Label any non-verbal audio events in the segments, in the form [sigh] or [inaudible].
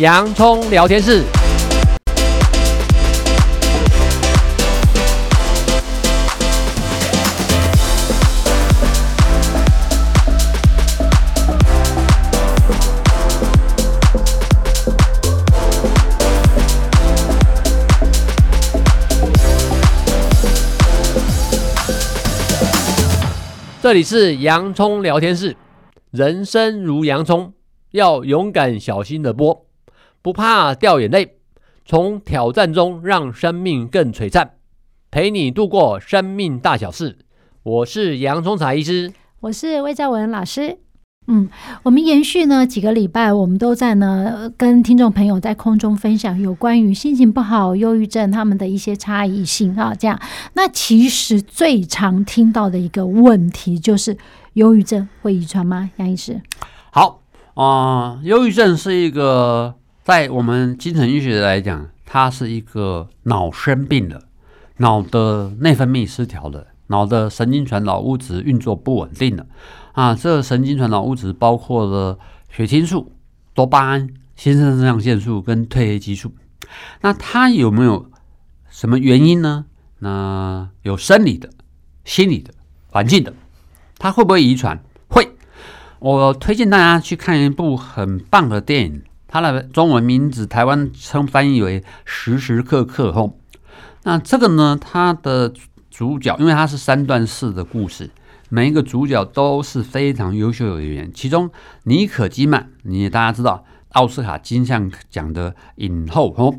洋蔥聊天室。這裡是洋蔥聊天室。人生如洋蔥，要勇敢小心的剝。不怕掉眼淚，從挑戰中讓生命更璀璨，陪你度過生命大小事。我是楊聰財醫師，我是魏兆玟老師。嗯，我們延續呢，幾個禮拜，我們都在呢跟聽眾朋友在空中分享有關於心情不好、憂鬱症他們的一些差異性啊。這樣，那其實最常聽到的一個問題就是，憂鬱症會遺傳嗎？楊醫師，好啊、呃，憂鬱症是一個。在我們精神醫學來講，它是一個腦生病的，腦的內分泌失調的，腦的神經傳導物質運作不穩定的，啊，這神經傳導物質包括了血清素、多巴胺、正腎上腺素、跟褪黑激素。那它有沒有什麼原因呢？那、呃、有生理的、心理的、環境的。它會不會遺傳？會。我推薦大家去看一部很棒的電影。它的中文名字，台灣稱翻譯為“時時刻刻”吼。那這個呢，它的主角，因為它是三段式的故事，每一個主角都是非常優秀的演員。其中，妮可基曼，你大家知道奧斯卡金像獎的影后哦。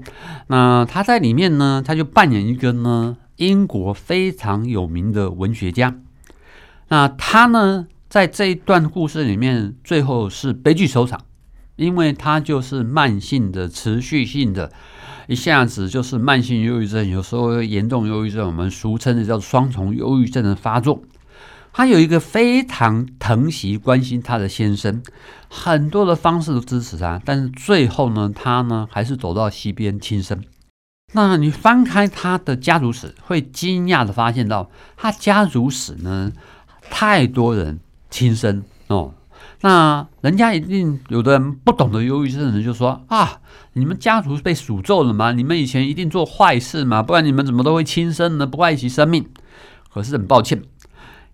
那他在裡面呢，他就扮演一個呢英國非常有名的文學家。那他呢，在這一段故事裡面，最後是悲劇收場。因為他就是慢性的、持續性的，一下子就是慢性憂鬱症，有時候嚴重憂鬱症，我們俗稱的叫雙重憂鬱症的發作。他有一個非常疼惜、關心他的先生，很多的方式都支持他，但是最後呢，他呢還是走到溪邊輕生。那你翻開他的家族史，會驚訝的發現到他家族史呢，太多人輕生哦。那人家一定有的人不懂得憂鬱症的人就說啊，你們家族被詛咒了嗎？你們以前一定做壞事嗎？不然你們怎麼都會輕生呢？不愛惜生命？可是很抱歉，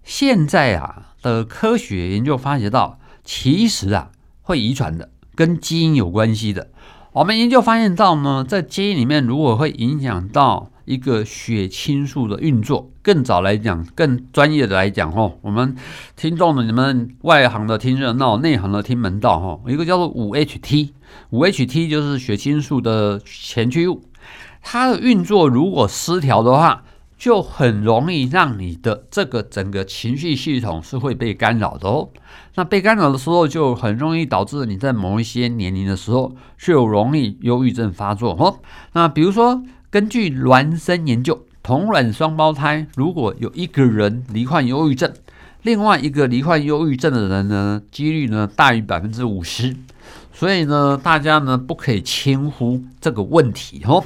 現在啊的科學研究發現到，其實啊會遺傳的，跟基因有關係的。我們研究發現到呢，在基因裡面如果會影響到。一個血清素的運作，更早來講，更專業的來講，吼，我們聽眾們你們外行的聽熱鬧，內行的聽門道，吼，一個叫做五 HT，五 HT 就是血清素的前驅物，它的運作如果失調的話，就很容易讓你的這個整個情緒系統是會被干擾的哦。那被干擾的時候，就很容易導致你在某一些年齡的時候，就有容易憂鬱症發作，吼，那比如說。根據孿生研究，同卵雙胞胎如果有一個人罹患憂鬱症，另外一個罹患憂鬱症的人呢，幾率呢大於百分之五十。所以呢，大家呢不可以輕忽這個問題哦，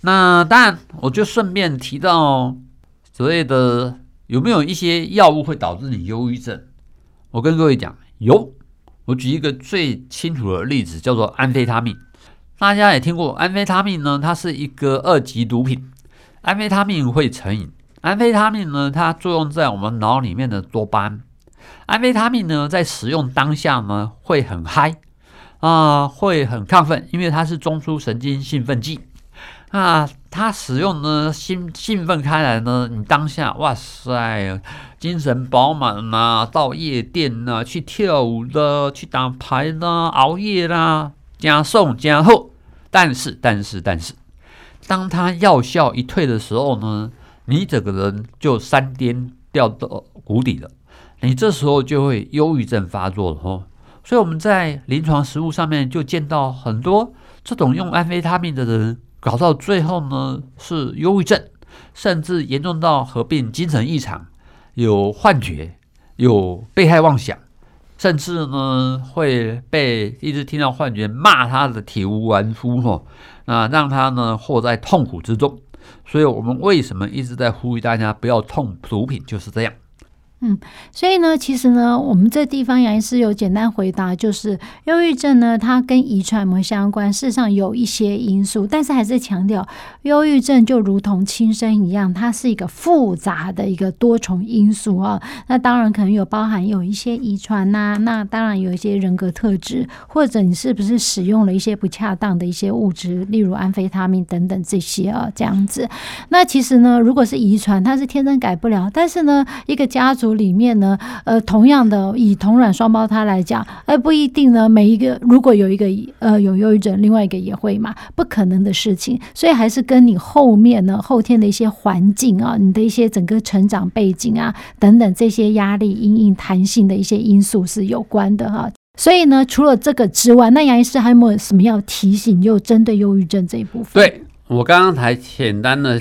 那當然，我就順便提到所謂的有沒有一些藥物會導致你憂鬱症？我跟各位講，有。我舉一個最清楚的例子，叫做安非他命。大家也聽過安非他命呢，它是一個二級毒品，安非他命會成癮。安非他命呢，它作用在我們腦裡面的多巴胺。安非他命呢，在使用當下呢，會很嗨啊、呃，會很亢奮，因為它是中樞神經興奮劑啊、呃。它使用呢，興興奮開來呢，你當下哇塞，精神飽滿吶，到夜店吶，去跳舞的，去打牌的，熬夜啦，加送加厚。但是，但是，但是，當他藥效一退的時候呢，你整個人就山巔掉到谷底了。你這時候就會憂鬱症發作了，哦。所以我們在臨床實務上面就見到很多這種用安非他命的人，搞到最後呢是憂鬱症，甚至嚴重到合併精神異常，有幻覺，有被害妄想。甚至呢會被一直聽到幻覺，罵他的體無完膚哈，啊，讓他呢活在痛苦之中。所以我們為什麼一直在呼籲大家不要碰毒品，就是這樣。嗯，所以呢，其實呢，我們這地方楊醫師有簡單回答，就是憂鬱症呢，它跟遺傳沒相關。事實上有一些因素，但是還是強調，憂鬱症就如同輕生一樣，它是一個複雜的一個多重因素啊。那當然可能有包含有一些遺傳吶、啊，那當然有一些人格特質，或者你是不是使用了一些不恰當的一些物質，例如安非他命等等這些啊，這樣子。那其實呢，如果是遺傳，它是天生改不了。但是呢，一個家族。裡面呢，呃，同樣的，以同卵雙胞胎來講，哎，不一定呢。每一個如果有一個呃有憂鬱症，另外一個也會嘛？不可能的事情。所以還是跟你後面呢後天的一些環境啊，你的一些整個成長背景啊等等這些壓力因應彈性的一些因素是有關的哈。所以呢，除了這個之外，那楊醫師還有沒有什麼要提醒？就針對憂鬱症這一部分？對，我剛剛才簡單的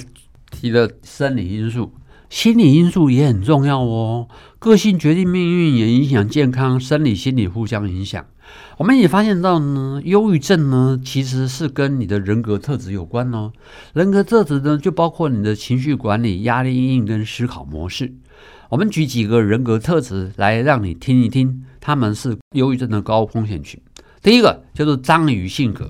提了生理因素。心理因素也很重要哦，個性決定命運，也影響健康，生理、心理互相影響。我們也發現到呢，憂鬱症呢其實是跟你的人格特質有關哦。人格特質呢就包括你的情緒管理、壓力因應跟思考模式。我們舉幾個人格特質來讓你聽一聽，他們是憂鬱症的高風險群。第一個就是章魚性格。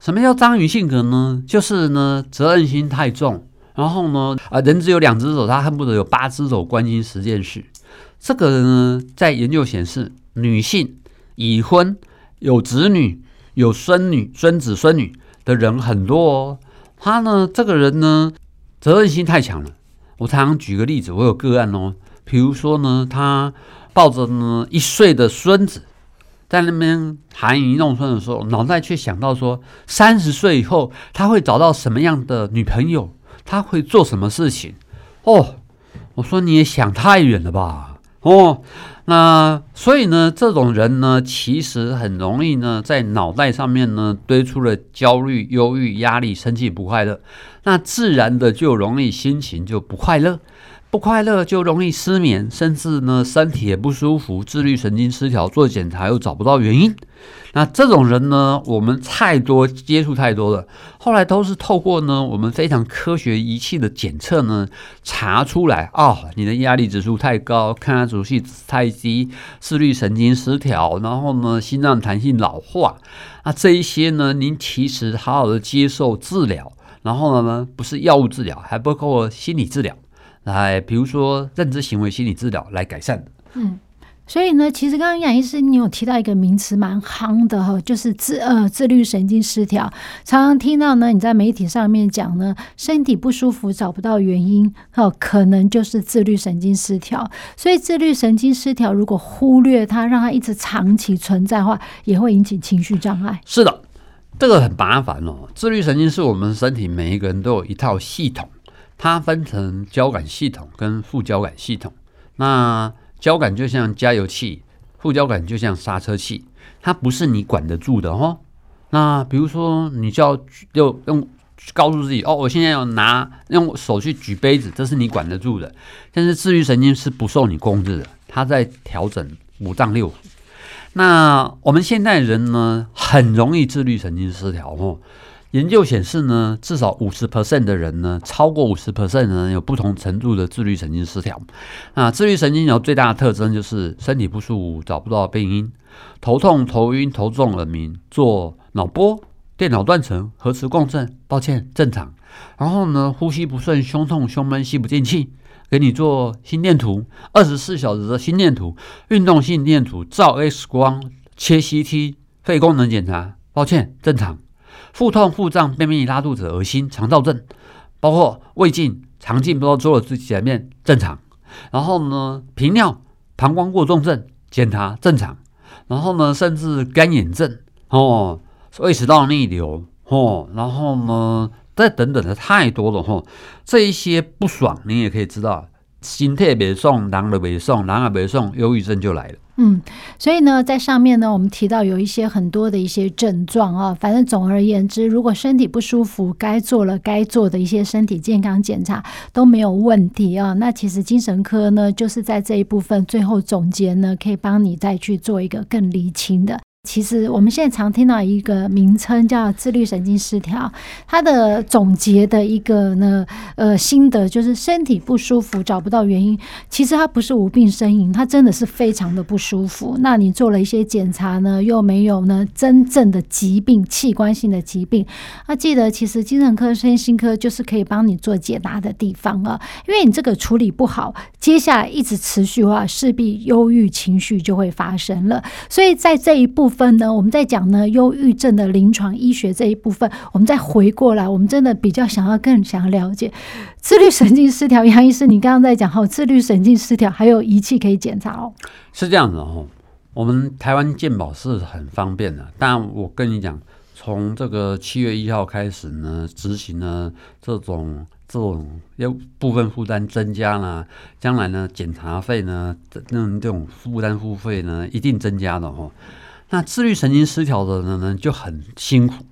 什麼叫章魚性格呢？就是呢責任心太重。然後呢，啊、呃，人只有兩只手，他恨不得有八只手關心十件事。這個人呢，在研究顯示，女性已婚有子女、有孫女、孫子、孫女的人很多哦。他呢，這個人呢，責任心太強了。我常常舉個例子，我有個案哦，比如說呢，他抱着呢一歲的孫子在那邊含飴弄孫的時候，腦袋卻想到說，三十歲以後他會找到什麼樣的女朋友？他會做什麼事情？哦，我說你也想太遠了吧？哦，那所以呢，這種人呢，其實很容易呢，在腦袋上面呢，堆出了焦慮、憂鬱、壓力、生氣、不快樂，那自然的就容易心情就不快樂。不快樂就容易失眠，甚至呢身體也不舒服，自律神經失調，做檢查又找不到原因。那這種人呢，我們太多接觸太多了，後來都是透過呢我們非常科學儀器的檢測呢查出來啊、哦，你的壓力指數太高，抗壓阻系太低，自律神經失調，然後呢心臟彈性老化，那這一些呢，您其實好好的接受治療，然後呢呢不是藥物治療，還包括心理治療。來，比如說認知行為心理治療來改善的。嗯，所以呢，其實剛剛楊醫師你有提到一個名詞蠻夯的哈，就是自呃自律神經失調。常常聽到呢，你在媒體上面講呢，身體不舒服找不到原因哦，呃，可能就是自律神經失調。所以自律神經失調如果忽略它，讓它一直長期存在的話，也會引起情緒障礙。是的，這個很麻煩哦。自律神經是我們身體每一個人都有一套系統。它分成交感系統跟副交感系統。那交感就像加油器，副交感就像剎車器。它不是你管得住的哦。那比如說，你就要用告訴自己哦，我現在要拿用手去舉杯子，這是你管得住的。但是自律神經是不受你控制的，它在調整五臟六腑。那我們現代人呢，很容易自律神經失調哦。研究顯示呢，至少五十 percent 的人呢，超過五十 percent 的人呢有不同程度的自律神經失調。啊，自律神經有最大的特徵就是身體不舒服，找不到病因，頭痛、頭暈、頭重耳鳴，做腦波、電腦斷層、核磁共振，抱歉，正常。然後呢，呼吸不順、胸痛、胸悶、吸不進氣，給你做心電圖，二十四小時的心電圖、運動心電圖、照 X 光、切 C T、肺功能檢查，抱歉，正常。腹痛、腹脹、便秘、拉肚子、噁心、腸躁症，包括胃鏡、腸鏡，不知道做了自己檢驗正常。然後呢，頻尿、膀胱過動症，檢查正常。然後呢，甚至乾眼症，哦，胃食道逆流，哦，然後呢，再等等的太多了，哈、哦，這一些不爽，你也可以知道。心態未送，人就未送，人也別送，憂鬱症就來了。嗯，所以呢，在上面呢，我們提到有一些很多的一些症狀啊，反正總而言之，如果身體不舒服，該做了該做的一些身體健康檢查都沒有問題啊，那其實精神科呢，就是在這一部分最後總結呢，可以幫你再去做一個更理清的。其實我們現在常聽到一個名稱叫自律神經失調，它的總結的一個呢呃心得就是身體不舒服，找不到原因，其實它不是無病呻吟，它真的是非常的不舒服。那你做了一些檢查呢，又沒有呢真正的疾病、器官性的疾病。那、啊、記得，其實精神科、身心科就是可以幫你做解答的地方啊，因為你這個處理不好，接下來一直持續的話，勢必憂鬱情緒就會發生了。所以在這一部分。分呢？我們在講呢，憂鬱症的臨床醫學這一部分，我們再回過來，我們真的比較想要更想要了解自律神經失調。楊 [laughs] 醫師，你剛剛在講哈，自律神經失調還有儀器可以檢查哦？是這樣子哦。我們台灣健保是很方便的，但我跟你講，從這個七月一號開始呢，執行呢這種這種要部分負擔增加了，將來呢檢查費呢，這種這種負擔付費呢一定增加的哦。那自律神經失調的人呢就很辛苦，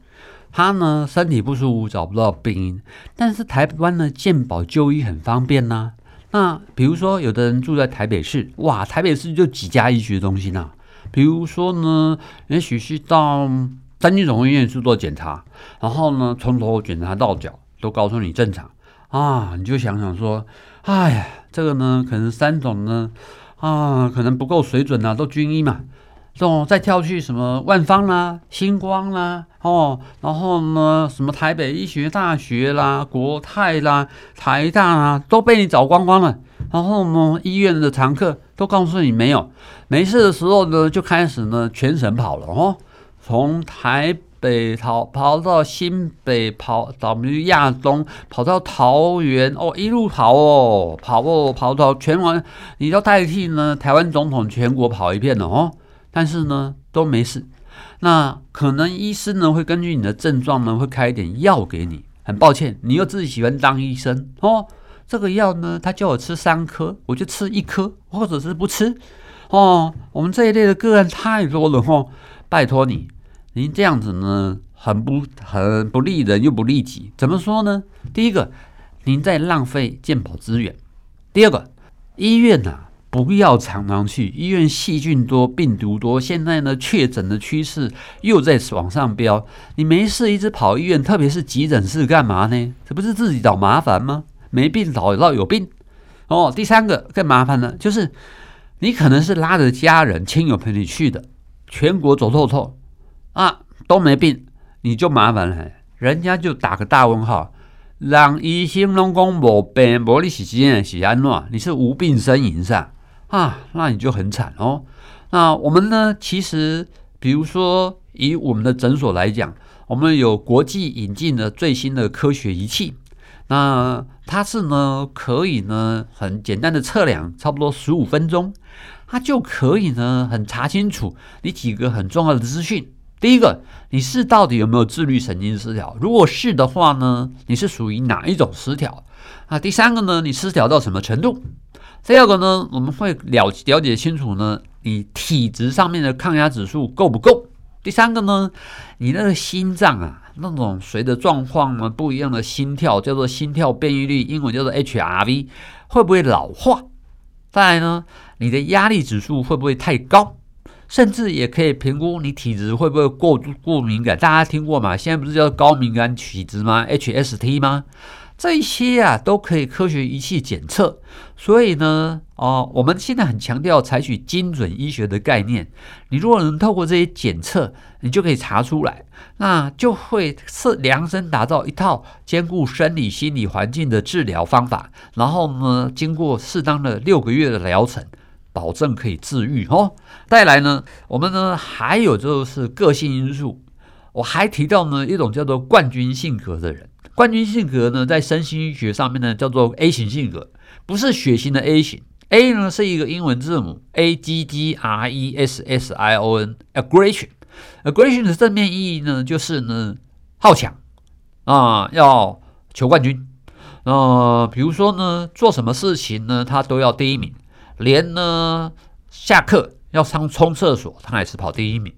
他呢身體不舒服找不到病因，但是台灣的健保就醫很方便吶，啊。那比如說有的人住在台北市，哇，台北市就幾家醫學中心吶。比如說呢，也許是到三軍總醫院去做檢查，然後呢從頭檢查到腳都告訴你正常啊，你就想想說，哎呀，這個呢可能三種呢啊，可能不夠水準吶，啊，都軍醫嘛。這種再跳去什麼萬方啦、啊、星光啦、啊，哦，然後呢，什麼台北醫學大學啦、國泰啦、台大啦、啊，都被你找光光了。然後呢，醫院的常客都告訴你沒有。沒事的時候呢，就開始呢全省跑了哦，從台北跑跑到新北，跑到我們去亞東，跑到桃園哦，一路跑哦，跑哦，跑哦，跑到全台，你要代替呢台灣總統全國跑一遍了哦。但是呢，都沒事。那可能醫生呢會根據你的症狀呢，會開一點藥給你。很抱歉，你又自己喜歡當醫生哦。這個藥呢，他叫我吃三顆，我就吃一顆，或者是不吃哦。我們這一類的個案太多了哦。拜託你，您這樣子呢，很不很不利人又不利己。怎麼說呢？第一個，您在浪費健保資源；第二個，醫院呢、啊？不要常常去醫院，細菌多，病毒多。現在呢，確診的趨勢又在往上飆。你沒事一直跑醫院，特別是急診室，幹嘛呢？這不是自己找麻煩嗎？沒病找得到有病哦。第三個更麻煩呢，就是你可能是拉着家人、親友陪你去的，全國走透透啊，都沒病，你就麻煩了。人家就打個大問號：讓醫生龍宮無病，無你時間是安樂，你是無病呻吟啥？啊，那你就很慘哦。那我們呢，其實，比如說以我們的診所來講，我們有國際引進的最新的科學儀器，那它是呢可以呢很簡單的測量，差不多十五分鐘，它就可以呢很查清楚你幾個很重要的資訊。第一個，你是到底有沒有自律神經失調？如果是的話呢，你是屬於哪一種失調？啊，第三個呢，你失調到什麼程度？第二個呢，我們會了了解清楚呢，你體質上面的抗壓指數夠不夠？第三個呢，你那個心臟啊，那種隨着狀況呢不一樣的心跳，叫做心跳變異率，英文叫做 HRV，會不會老化？再來呢，你的壓力指數會不會太高？甚至也可以評估你體質會不會過過敏感？大家聽過嗎？現在不是叫高敏感體質嗎？HST 嗎？這一些啊都可以科學儀器檢測，所以呢，啊、哦，我們現在很強調採取精準醫學的概念。你如果能透過這些檢測，你就可以查出來，那就會是量身打造一套兼顧生理、心理環境的治療方法。然後呢，經過適當的六個月的療程，保證可以治癒哦。再來呢，我們呢還有就是個性因素，我還提到呢一種叫做冠軍性格的人。冠軍性格呢，在身心醫學上面呢，叫做 A 型性格，不是血型的 A 型。A 呢是一個英文字母，A G G R E S S I O N，aggression。aggression Agg 的正面意義呢，就是呢好強啊，要求冠軍。呃，比如說呢，做什麼事情呢，他都要第一名，連呢下課要上沖廁所，他還是跑第一名。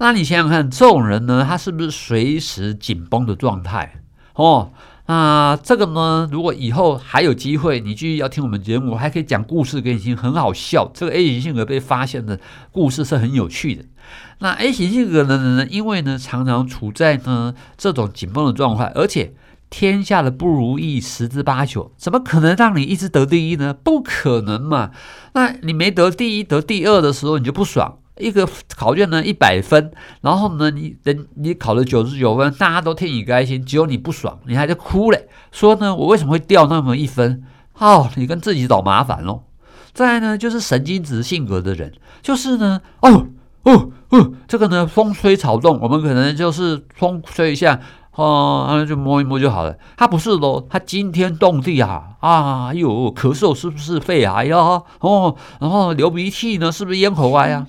那你想想看，這種人呢，他是不是隨時緊繃的狀態？哦，那、呃、這個呢，如果以後還有機會，你繼續要聽我們節目，還可以講故事給你聽，很好笑。這個 A 型性格被發現的故事是很有趣的。那 A 型性格的人呢，因為呢常常處在呢這種緊繃的狀況，而且天下的不如意十之八九，怎麼可能讓你一直得第一呢？不可能嘛。那你沒得第一、得第二的時候，你就不爽。一個考卷呢一百分，然後呢你等，你考了九十九分，大家都替你開心，只有你不爽，你還在哭嘞，說呢我為什麼會掉那麼一分？哦，你跟自己找麻煩嘍。再來呢就是神經質性格的人，就是呢，哦哦哦，這個呢風吹草動，我們可能就是風吹一下，哦、啊、就摸一摸就好了。他不是嘍，他驚天動地啊！啊喲，咳、哎、嗽是，是不是肺癌呀？哦，然後流鼻涕呢是不是咽喉癌、啊、呀？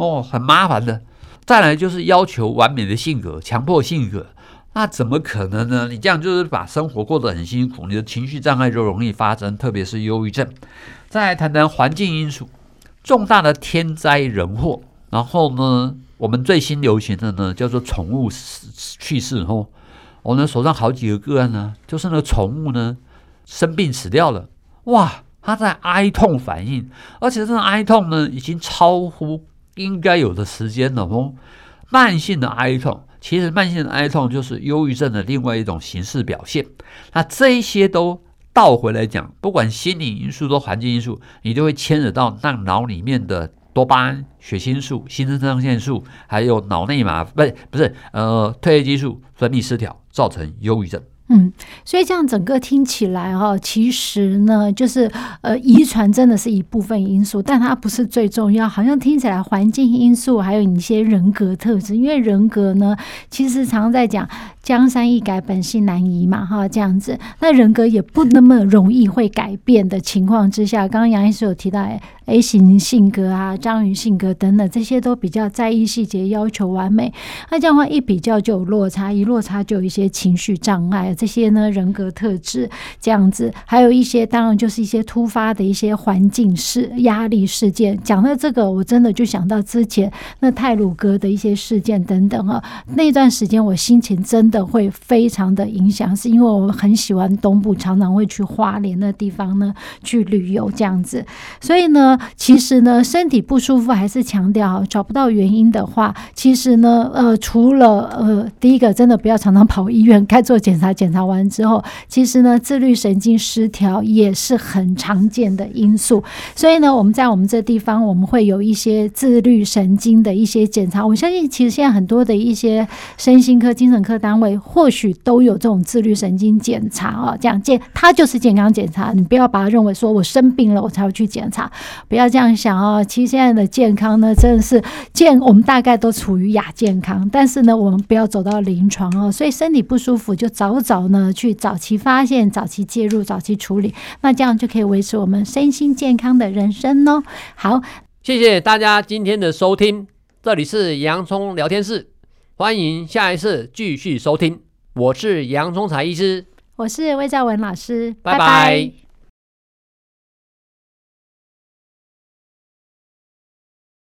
哦，很麻煩的。再來就是要求完美的性格，強迫性格，那怎麼可能呢？你這樣就是把生活過得很辛苦，你的情緒障礙就容易發生，特別是憂鬱症。再來談談環境因素，重大的天災人禍，然後呢，我們最新流行的呢叫做寵物去世後、哦、我呢手上好幾個個案呢、啊，就是那寵物呢生病死掉了，哇，他在哀痛反應，而且這種哀痛呢已經超乎。應該有的時間了哦。慢性的哀痛，其實慢性的哀痛就是憂鬱症的另外一種形式表現。那這一些都倒回來講，不管心理因素多，環境因素，你都會牽扯到那腦裡面的多巴胺、血清素、新生腎上腺素，還有腦內嘛不、不是呃褪黑激素分泌失調，造成憂鬱症。嗯，所以這樣整個聽起來哈，其實呢，就是呃，遺傳真的是一部分因素，但它不是最重要。好像聽起來環境因素還有一些人格特質，因為人格呢，其實常在講江山易改，本性難移嘛，哈，這樣子，那人格也不那麼容易會改變的情況之下，剛剛楊醫師有提到，欸。A 型性格啊，章魚性格等等，這些都比較在意細節，要求完美。那這樣的話一比較就有落差，一落差就有一些情緒障礙。這些呢，人格特質這樣子，還有一些當然就是一些突發的一些環境事、壓力事件。講到這個，我真的就想到之前那太魯閣的一些事件等等啊，那段時間我心情真的會非常的影響，是因為我很喜歡東部，常常會去花蓮的地方呢去旅遊這樣子，所以呢。其實呢，身體不舒服還是強調找不到原因的話，其實呢，呃，除了呃，第一個真的不要常常跑醫院，該做檢查，檢查完之後，其實呢，自律神經失調也是很常見的因素。所以呢，我們在我們這地方，我們會有一些自律神經的一些檢查。我相信，其實現在很多的一些身心科、精神科單位，或許都有這種自律神經檢查啊，這樣健，它就是健康檢查，你不要把它認為說我生病了，我才會去檢查。不要這樣想哦，其實現在的健康呢，真的是健，我們大概都處於亞健康，但是呢，我們不要走到臨床哦。所以身體不舒服就早早呢去早期發現、早期介入、早期處理，那這樣就可以維持我們身心健康的人生哦。好，謝謝大家今天的收聽，這裡是洋蔥聊天室，歡迎下一次繼續收聽，我是楊聰財醫師，我是魏兆玟老師，拜拜。拜拜